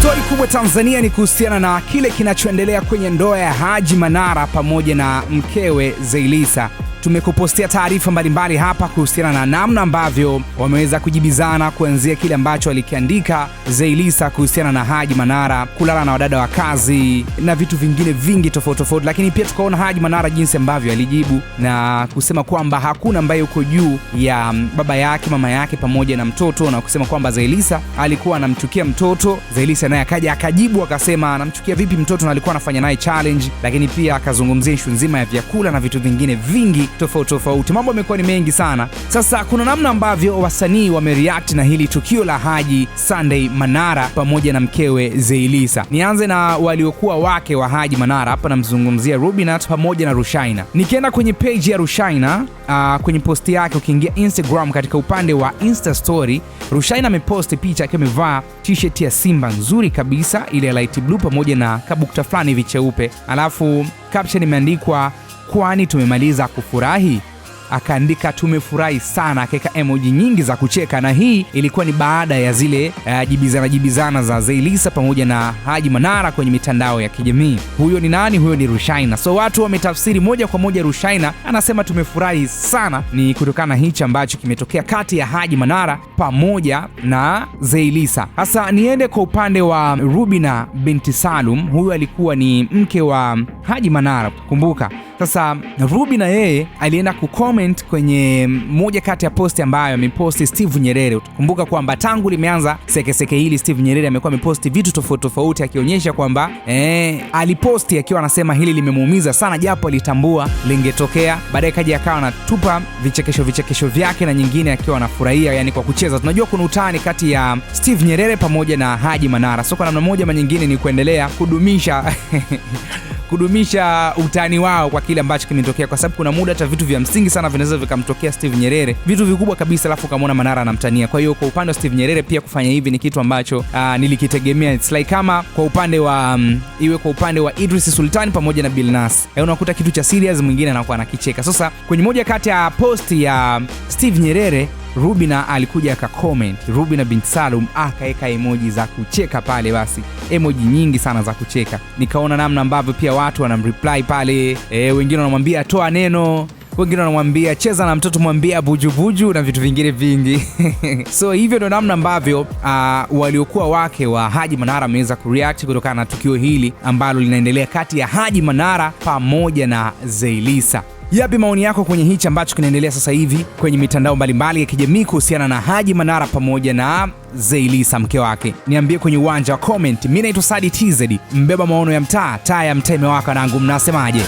Stori kubwa Tanzania ni kuhusiana na kile kinachoendelea kwenye ndoa ya Haji Manara pamoja na mkewe zeilisa tumekupostia taarifa mbalimbali hapa kuhusiana na namna ambavyo wameweza kujibizana kuanzia kile ambacho alikiandika zeilisa kuhusiana na Haji Manara kulala na wadada wa kazi na vitu vingine vingi tofauti tofauti, lakini pia tukaona Haji Manara jinsi ambavyo alijibu na kusema kwamba hakuna ambaye uko juu ya mm, baba yake, mama yake pamoja na mtoto, na kusema kwamba zeilisa alikuwa anamchukia mtoto. zeilisa naye akaja akajibu akasema anamchukia vipi mtoto na alikuwa anafanya naye challenge, lakini pia akazungumzia ishu nzima ya vyakula na vitu vingine vingi tofauti tofauti, mambo yamekuwa ni mengi sana. Sasa kuna namna ambavyo wasanii wamereact na hili tukio la Haji Sunday Manara pamoja na mkewe Zeilisa. Nianze na waliokuwa wake wa Haji Manara, hapa namzungumzia Rubinat pamoja na Rushaina. Nikienda kwenye page ya Rushaina uh, kwenye posti yake, ukiingia Instagram katika upande wa Insta story, Rushaina ameposti picha akiwa amevaa t-shirt ya Simba nzuri kabisa ile light blue pamoja na kabukta fulani hivi cheupe, alafu caption imeandikwa kwani tumemaliza kufurahi? Akaandika tumefurahi sana, akaweka emoji nyingi za kucheka, na hii ilikuwa ni baada ya zile uh, jibizana jibizana za zeilisa pamoja na Haji Manara kwenye mitandao ya kijamii. Huyo ni nani? Huyo ni Rushaina. So watu wametafsiri moja kwa moja, Rushaina anasema tumefurahi sana ni kutokana na hichi ambacho kimetokea kati ya Haji Manara pamoja na zeilisa Sasa niende kwa upande wa Rubina binti Salum, huyu alikuwa ni mke wa Haji Manara, kumbuka sasa Ruby na yeye alienda kucomment kwenye moja kati ya posti ambayo ameposti Steve Nyerere. Kumbuka kwamba tangu limeanza sekeseke hili Steve Nyerere amekuwa ameposti vitu tofauti tofauti, akionyesha kwamba eh, aliposti akiwa anasema hili limemuumiza sana, japo alitambua lingetokea baadaye. Kaja akawa anatupa vichekesho vichekesho vyake na nyingine akiwa anafurahia, yani kwa kucheza. Tunajua kuna utani kati ya Steve Nyerere pamoja na Haji Manara, so kwa namna moja ama nyingine ni kuendelea kudumisha kudumisha utani wao kwa kile ambacho kimetokea, kwa sababu kuna muda hata vitu vya msingi sana vinaweza vikamtokea Steve Nyerere, vitu vikubwa kabisa, alafu ukamwona Manara anamtania. Kwa hiyo kwa upande wa Steve Nyerere pia kufanya hivi ni kitu ambacho aa, ah, nilikitegemea. It's like kama kwa upande wa um, iwe kwa upande wa Idris Sultan pamoja na e unakuta kitu cha serious, mwingine anakuwa anakicheka. Sasa kwenye moja kati ya posti ya Steve Nyerere Rubina alikuja aka comment, Rubina bint Salum akaweka emoji za kucheka pale, basi emoji nyingi sana za kucheka. Nikaona namna ambavyo pia watu wanamreply pale e, wengine wanamwambia toa neno wengine wanamwambia cheza na mtoto, mwambia bujubuju na vitu vingine vingi so hivyo ndo namna ambavyo uh, waliokuwa wake wa Haji Manara ameweza kuat kutokana na tukio hili ambalo linaendelea kati ya Haji Manara pamoja na zeilisa Yapi maoni yako kwenye hichi ambacho kinaendelea sasa hivi kwenye mitandao mbalimbali ya kijamii kuhusiana na Haji Manara pamoja na Zeilisa mke wake? Niambie kwenye uwanja wa comment. Mimi naitwa Sadi TZ, mbeba maono ya mtaa, taa ya mtaa imewaka nangu, mnasemaje?